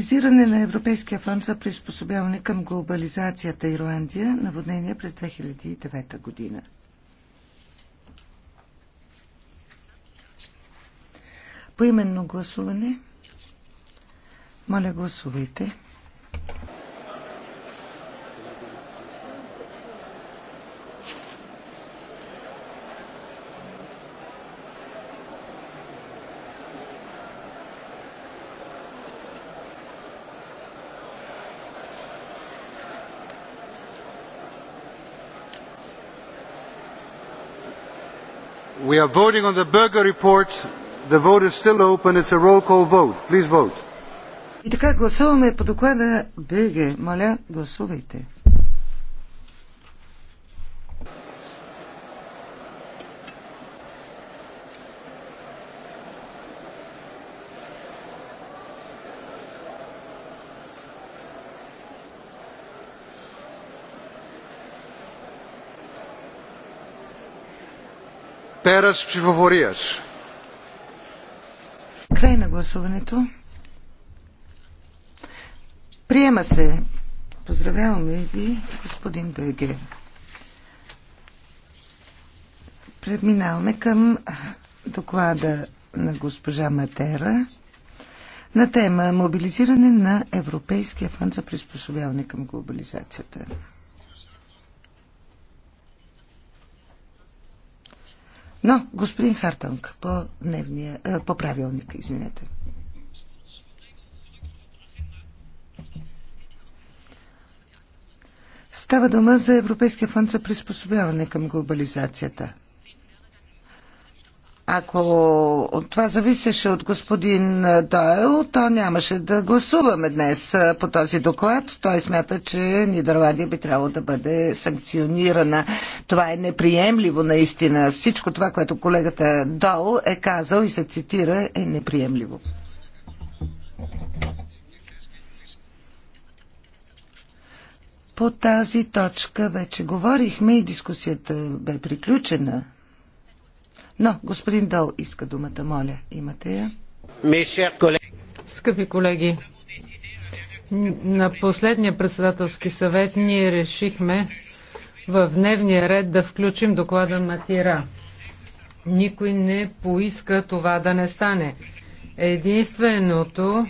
Реализиране на Европейския фонд за приспособяване към глобализацията Ирландия наводнение през 2009 година. Поименно гласуване. Моля, гласувайте. We are voting on the Berger report. The vote is still open. It's a roll call vote. Please vote. И така гласуваме по доклада Берге. Моля, гласувайте. Πέρας ψηφοφορίας. Край на гласуването. Приема се. Поздравяваме ви, господин Беге. Преминаваме към доклада на госпожа Матера на тема Мобилизиране на Европейския фонд за приспособяване към глобализацията. Но, господин Хартанг, по, дневния, а, по правилника, извинете. Става дума за Европейския фонд за приспособяване към глобализацията – ако това зависеше от господин Дойл, то нямаше да гласуваме днес по този доклад. Той смята, че Нидерландия би трябвало да бъде санкционирана. Това е неприемливо наистина. Всичко това, което колегата Дойл е казал и се цитира, е неприемливо. По тази точка вече говорихме и дискусията бе приключена. Но господин Дол иска думата, моля. Имате я. Скъпи колеги, на последния председателски съвет ние решихме в дневния ред да включим доклада Матира. Никой не поиска това да не стане. Единственото,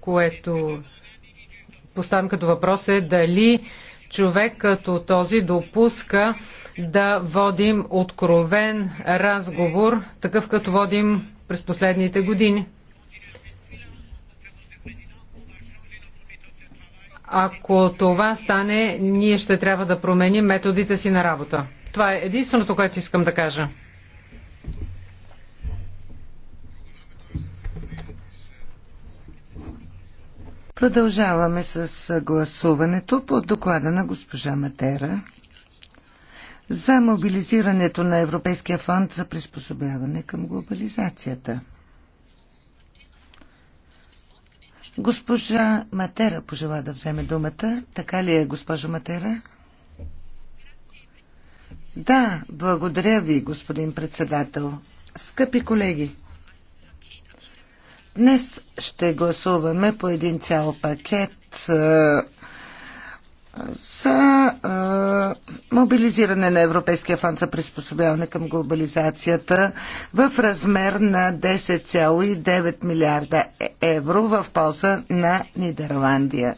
което поставям като въпрос е дали човек като този допуска да водим откровен разговор, такъв като водим през последните години. Ако това стане, ние ще трябва да променим методите си на работа. Това е единственото, което искам да кажа. Продължаваме с гласуването по доклада на госпожа Матера за мобилизирането на Европейския фонд за приспособяване към глобализацията. Госпожа Матера пожела да вземе думата. Така ли е, госпожо Матера? Да, благодаря ви, господин председател. Скъпи колеги, Днес ще гласуваме по един цял пакет за мобилизиране на Европейския фонд за приспособяване към глобализацията в размер на 10,9 милиарда евро в полза на Нидерландия.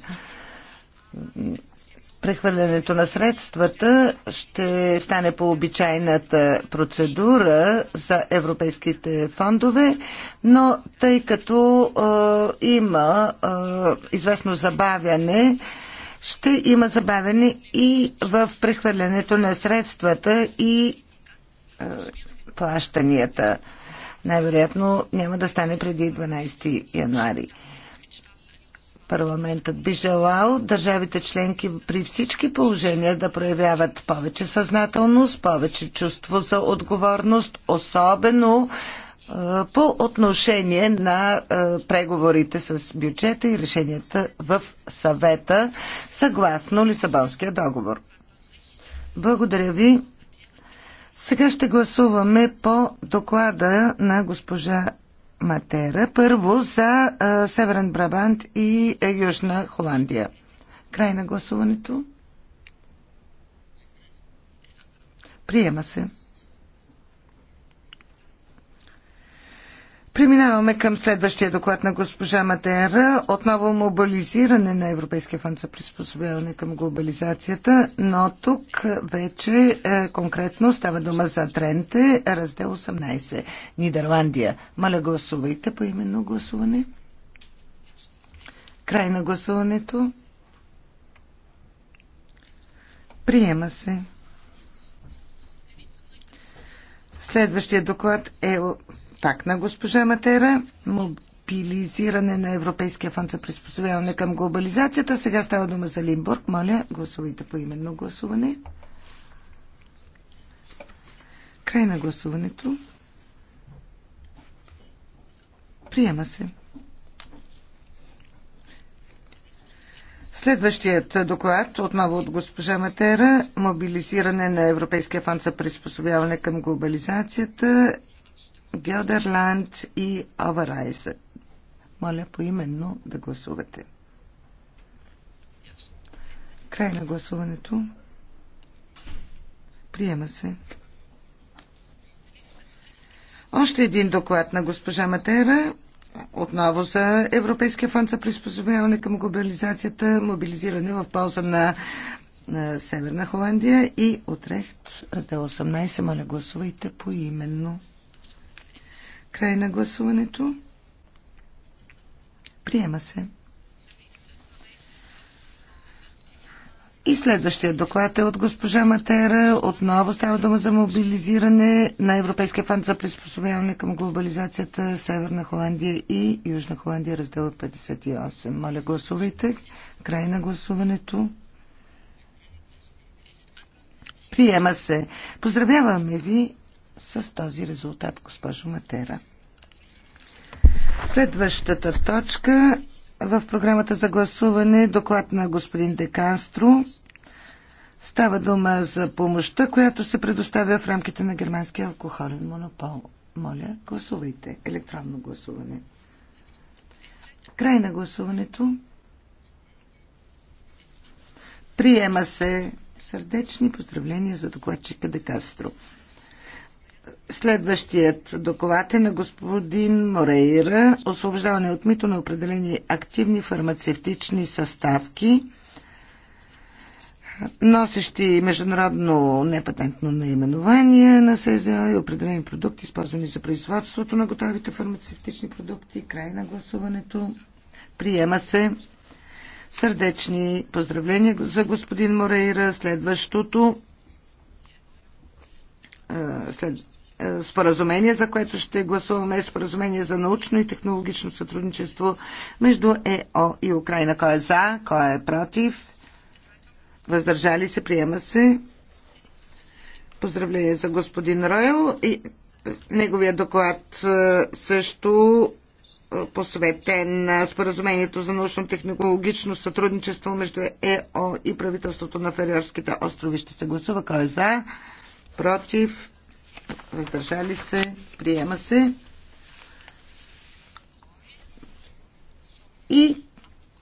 Прехвърлянето на средствата ще стане по обичайната процедура за европейските фондове, но тъй като е, има е, известно забавяне, ще има забавяне и в прехвърлянето на средствата и е, плащанията. Най-вероятно няма да стане преди 12 януари. Парламентът би желал държавите членки при всички положения да проявяват повече съзнателност, повече чувство за отговорност, особено е, по отношение на е, преговорите с бюджета и решенията в съвета съгласно Лисабонския договор. Благодаря ви. Сега ще гласуваме по доклада на госпожа Матера. Първо за а, Северен Брабант и е, Южна Холандия. Край на гласуването. Приема се. Преминаваме към следващия доклад на госпожа Матера. Отново мобилизиране на Европейския фонд за приспособяване към глобализацията, но тук вече е, конкретно става дума за Тренте, раздел 18, Нидерландия. Моля, гласувайте по именно гласуване. Край на гласуването. Приема се. Следващия доклад е пак на госпожа Матера. Мобилизиране на Европейския фонд за приспособяване към глобализацията. Сега става дума за Лимбург. Моля, гласувайте по именно гласуване. Край на гласуването. Приема се. Следващият доклад, отново от госпожа Матера, мобилизиране на Европейския фонд за приспособяване към глобализацията Гелдерланд и Аварайза. Моля поименно да гласувате. Край на гласуването. Приема се. Още един доклад на госпожа Матера. Отново за Европейския фонд за приспособяване към глобализацията, мобилизиране в полза на, на Северна Холандия и Отрехт, раздел 18. Моля, гласувайте поименно. Край на гласуването. Приема се. И следващия доклад е от госпожа Матера. Отново става дума за мобилизиране на Европейския фонд за приспособяване към глобализацията Северна Холандия и Южна Холандия, раздел 58. Моля, гласувайте. Край на гласуването. Приема се. Поздравяваме ви с този резултат, госпожо Матера. Следващата точка в програмата за гласуване е доклад на господин Деканстро. Става дума за помощта, която се предоставя в рамките на германския алкохолен монопол. Моля, гласувайте. Електронно гласуване. Край на гласуването. Приема се сърдечни поздравления за докладчика Декастро. Следващият доклад е на господин Морейра. Освобождаване от мито на определени активни фармацевтични съставки, носещи международно непатентно наименование на СЗО и определени продукти, използвани за производството на готовите фармацевтични продукти. Край на гласуването. Приема се. Сърдечни поздравления за господин Морейра. Следващото след споразумение, за което ще гласуваме, е споразумение за научно и технологично сътрудничество между ЕО и Украина. Кой е за, кой е против? Въздържали се, приема се. Поздравление за господин Ройл и неговия доклад е, също е, посветен на споразумението за научно-технологично сътрудничество между ЕО и правителството на Фериорските острови. Ще се гласува кой е за, против, въздържали се, приема се. И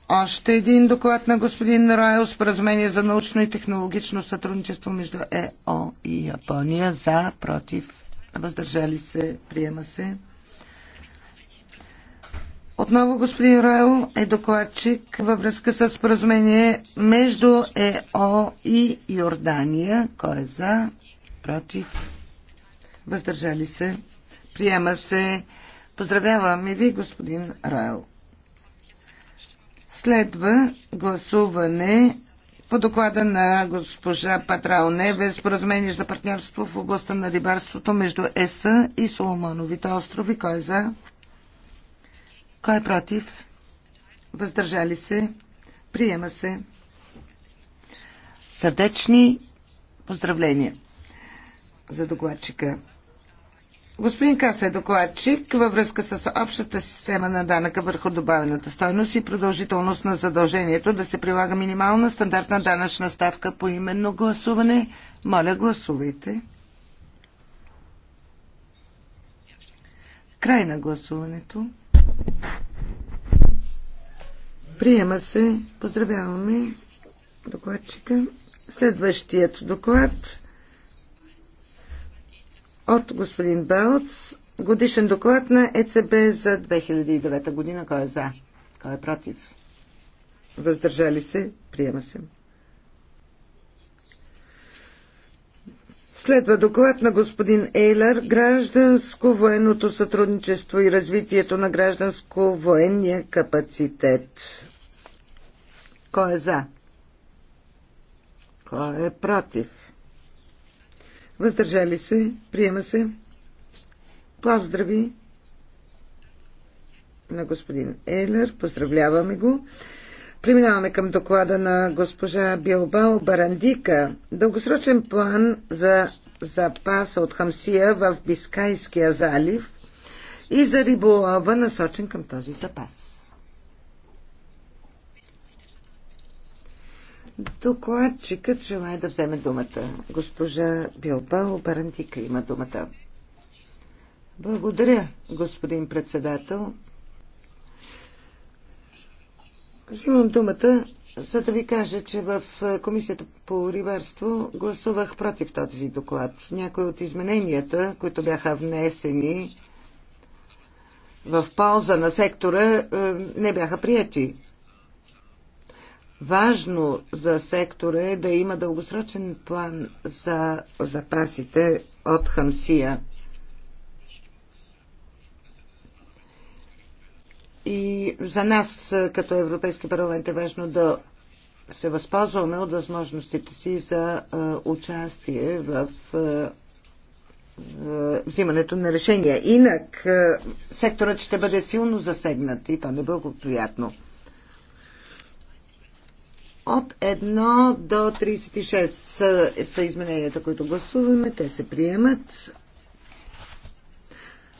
още един доклад на господин с споразумение за научно и технологично сътрудничество между ЕО и Япония. За, против, въздържали се, приема се. Отново господин Райл е докладчик във връзка с споразумение между ЕО и Йордания. Кой е за? Против? въздържали се, приема се. Поздравявам и ви, господин Райл. Следва гласуване по доклада на госпожа Патрао Неве споразумение за партньорство в областта на рибарството между ЕСА и Соломоновите острови. Кой е за? Кой е против? Въздържали се? Приема се. Сърдечни поздравления за докладчика. Господин Каса е докладчик във връзка с общата система на данъка върху добавената стойност и продължителност на задължението да се прилага минимална стандартна данъчна ставка по именно гласуване. Моля, гласувайте. Край на гласуването. Приема се. Поздравяваме докладчика. Следващият доклад от господин Белц. Годишен доклад на ЕЦБ за 2009 година. Кой е за? Кой е против? Въздържали се? Приема се. Следва доклад на господин Ейлер Гражданско-военното сътрудничество и развитието на гражданско-военния капацитет. Кой е за? Кой е против? въздържали се, приема се. Поздрави на господин Ейлер, поздравляваме го. Преминаваме към доклада на госпожа Билбао Барандика. Дългосрочен план за запаса от хамсия в Бискайския залив и за риболова, насочен към този запас. Докладчикът желая да вземе думата. Госпожа Билбао Барантика има думата. Благодаря, господин председател. Взимам думата, за да ви кажа, че в Комисията по рибарство гласувах против този доклад. Някои от измененията, които бяха внесени в полза на сектора, е, не бяха прияти. Важно за сектора е да има дългосрочен план за запасите от Хамсия. И за нас, като Европейски парламент, е важно да се възползваме от възможностите си за участие в взимането на решения. Инак секторът ще бъде силно засегнат и то неблагоприятно. Е от 1 до 36 са, са измененията, които гласуваме. Те се приемат.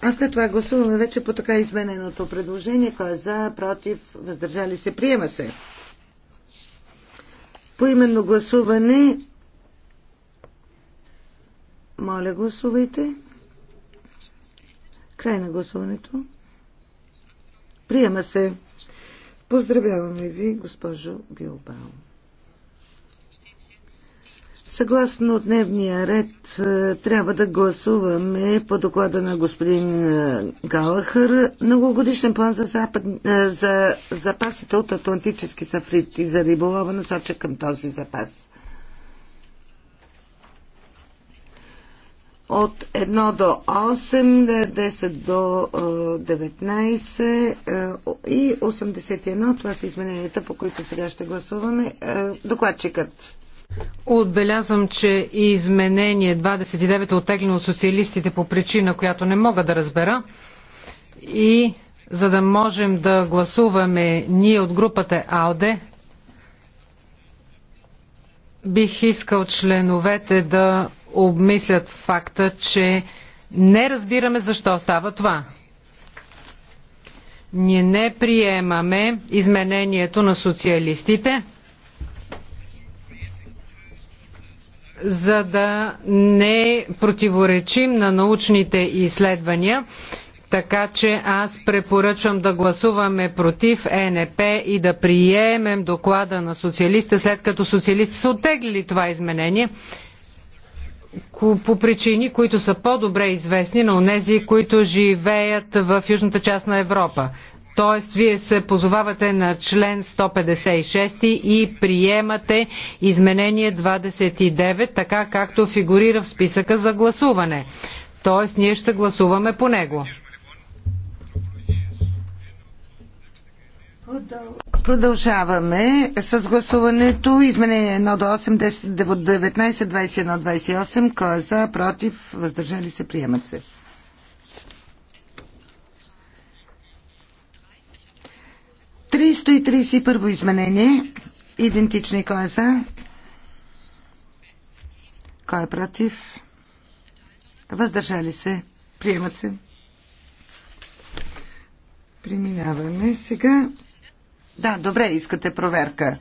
А след това гласуваме вече по така измененото предложение. Кой е за, против, въздържали се, приема се. По именно гласуване. Моля, гласувайте. Край на гласуването. Приема се. Поздравяваме ви, госпожо Билбао. Съгласно дневния ред, е, трябва да гласуваме по доклада на господин е, Галахър многогодишен план за, запад, е, за запасите от Атлантически сафрити за риболова, насочен към този запас. от 1 до 8, 10 до 19 и 81. Това са измененията, по които сега ще гласуваме. Докладчикът. Отбелязвам, че изменение 29 е оттеглено от социалистите по причина, която не мога да разбера. И за да можем да гласуваме ние от групата АОДЕ, бих искал членовете да обмислят факта, че не разбираме защо става това. Ние не приемаме изменението на социалистите, за да не противоречим на научните изследвания, така че аз препоръчвам да гласуваме против е НП и да приемем доклада на социалиста, след като социалистите са оттеглили това изменение по причини, които са по-добре известни на онези, които живеят в южната част на Европа. Тоест, вие се позовавате на член 156 и приемате изменение 29, така както фигурира в списъка за гласуване. Тоест, ние ще гласуваме по него. Продължаваме с гласуването. Изменение 1 до 8, 10, 19, 21, 28. Кой е за, против, въздържали се, приемат се. Тристо и изменение. Идентични кой е за? Кой е против? Въздържали се. Приемат се. Преминаваме сега да, добре, искате проверка.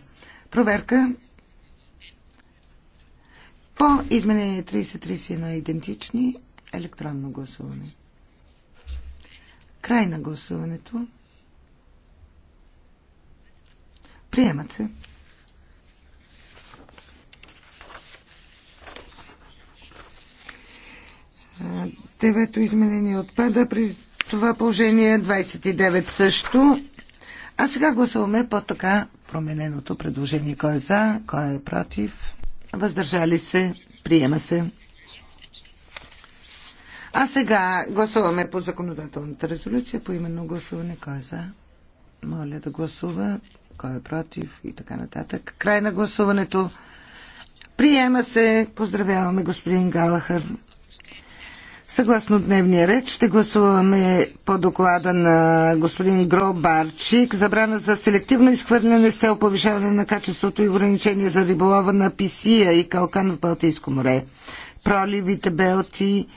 Проверка по изменение на идентични електронно гласуване. Край на гласуването. Приемат се. Девето изменение отпада. При това положение 29 също. А сега гласуваме по така промененото предложение. Кой е за, кой е против, въздържали се, приема се. А сега гласуваме по законодателната резолюция, по именно гласуване. Кой е за? Моля да гласува. Кой е против? И така нататък. Край на гласуването. Приема се. Поздравяваме господин Галахър. Съгласно дневния ред ще гласуваме по доклада на господин Гро Барчик забрана за селективно изхвърляне с цел повишаване на качеството и ограничение за риболова на Писия и Калкан в Балтийско море, проливите Белти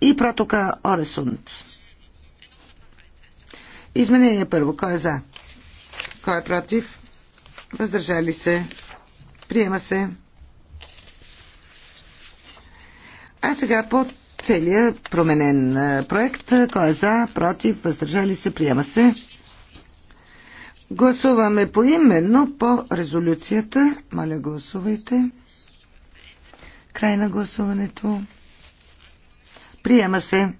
и протока Оресунд. Изменение първо. Кой е за? Кой е против? Въздържали се. Приема се. А сега под целият променен проект. Кой е за, против, въздържали се, приема се. Гласуваме поименно по резолюцията. Моля, гласувайте. Край на гласуването. Приема се.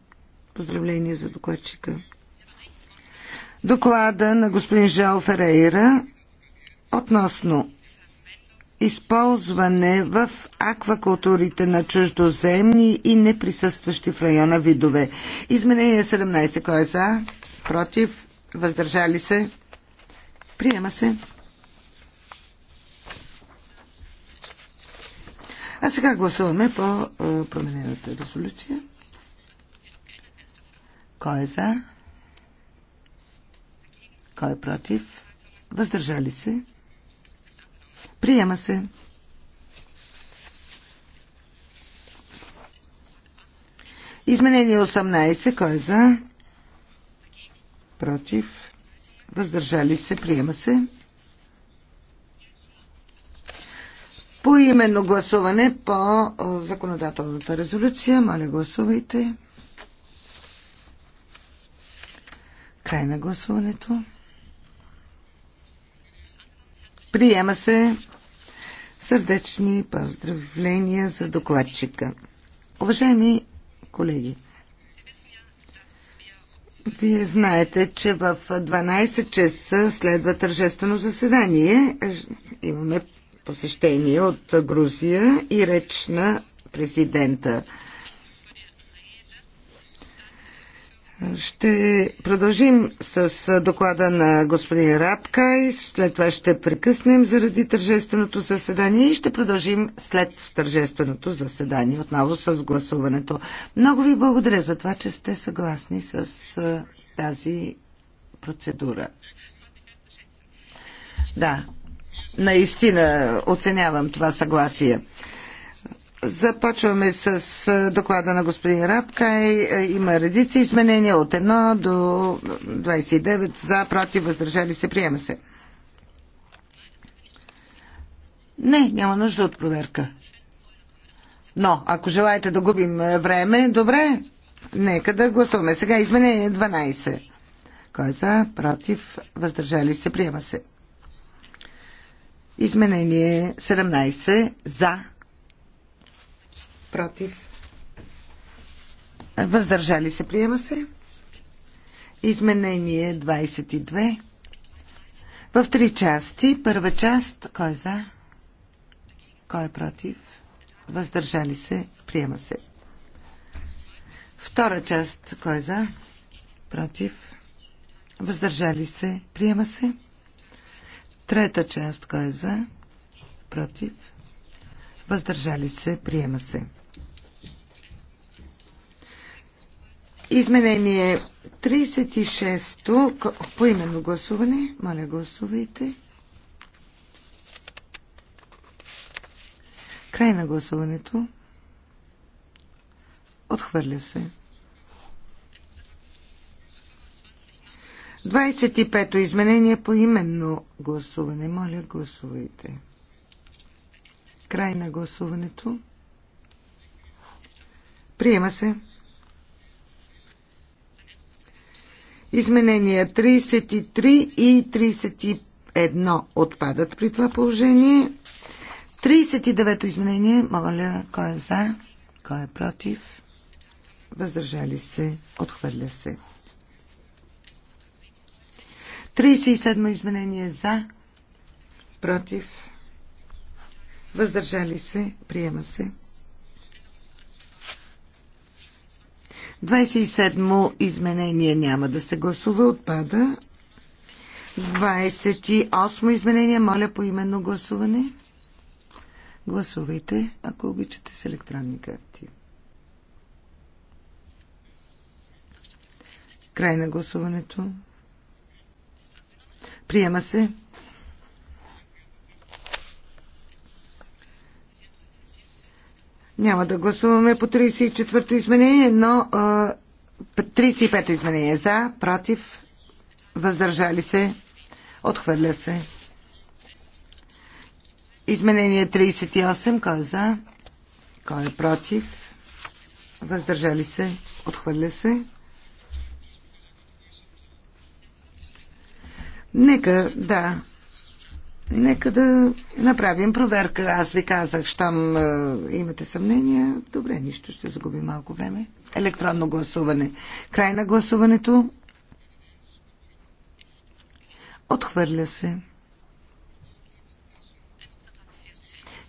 Поздравление за докладчика. Доклада на господин Жао Ферейра относно използване в аквакултурите на чуждоземни и неприсъстващи в района видове. Изменение 17. Кой е за? Против? Въздържали се? Приема се. А сега гласуваме по е, променената резолюция. Кой е за? Кой е против? Въздържали се? Приема се. Изменение 18. Кой е за? Против. Въздържали се. Приема се. По именно гласуване по законодателната резолюция. Моля, гласувайте. Край на гласуването. Приема се Сърдечни поздравления за докладчика. Уважаеми колеги, вие знаете, че в 12 часа следва тържествено заседание. Имаме посещение от Грузия и реч на президента. Ще продължим с доклада на господин Рапкай, след това ще прекъснем заради тържественото заседание и ще продължим след тържественото заседание отново с гласуването. Много ви благодаря за това, че сте съгласни с тази процедура. Да, наистина оценявам това съгласие. Започваме с доклада на господин Рапкай. Има редици изменения от 1 до 29 за, против, въздържали се, приема се. Не, няма нужда от проверка. Но, ако желаете да губим време, добре, нека да гласуваме. Сега изменение 12. Кой е за, против, въздържали се, приема се. Изменение 17 за, против, въздържали се, приема се. Изменение 22 в три части. Първа част, кой е за, кой е против, въздържали се, приема се. Втора част, кой е за, против, въздържали се, приема се. Трета част, кой е за, против, въздържали се, приема се. Изменение 36-то, поименно гласуване. Моля, гласувайте. Край на гласуването. Отхвърля се. 25-то изменение по именно гласуване. Моля, гласувайте. Край на гласуването. Приема се. Изменения 33 и 31 отпадат при това положение. 39-то изменение, моля, кой е за, кой е против, въздържали се, отхвърля се. 37 то изменение за, против, въздържали се, приема се. 27-мо изменение няма да се гласува, отпада. 28-мо изменение, моля по именно гласуване. Гласувайте, ако обичате с електронни карти. Край на гласуването. Приема се. Няма да гласуваме по 34-то изменение, но 35-то изменение за, против, въздържали се, отхвърля се. Изменение 38, кой е за, кой е против, въздържали се, отхвърля се. Нека, да, Нека да направим проверка. Аз ви казах, щом имате съмнения, добре, нищо, ще загуби малко време. Електронно гласуване. Край на гласуването. Отхвърля се.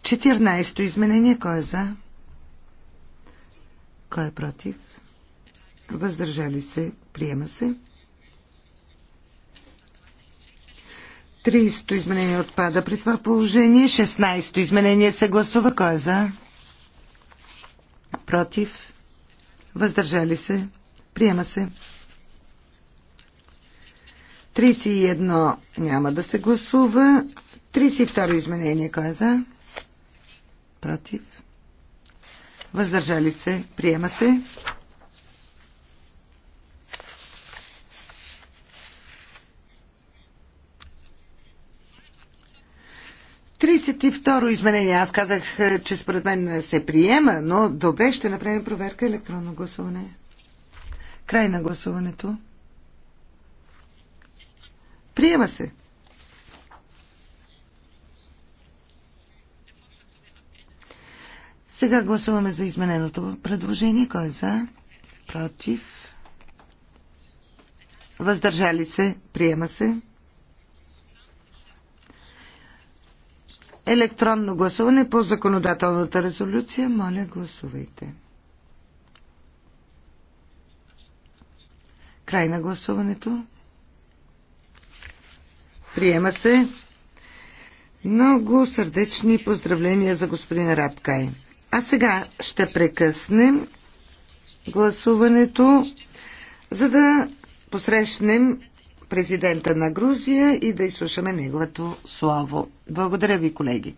14-то изменение. Кой е за? Кой е против? Въздържали се. Приема се. 30-то изменение отпада при това положение. 16-то изменение се гласува. Кой е за? Против? Въздържали се? Приема се. 31 няма да се гласува. 32 изменение. Кой е за? Против? Въздържали се? Приема се. 32 изменение. Аз казах, е, че според мен се приема, но добре, ще направим проверка електронно гласуване. Край на гласуването. Приема се. Сега гласуваме за измененото предложение. Кой е за? Против? Въздържали се? Приема се. електронно гласуване по законодателната резолюция. Моля, гласувайте. Край на гласуването. Приема се. Много сърдечни поздравления за господин Рабкай. А сега ще прекъснем гласуването, за да посрещнем президента на Грузия и да изслушаме неговото слово. Благодаря ви, колеги.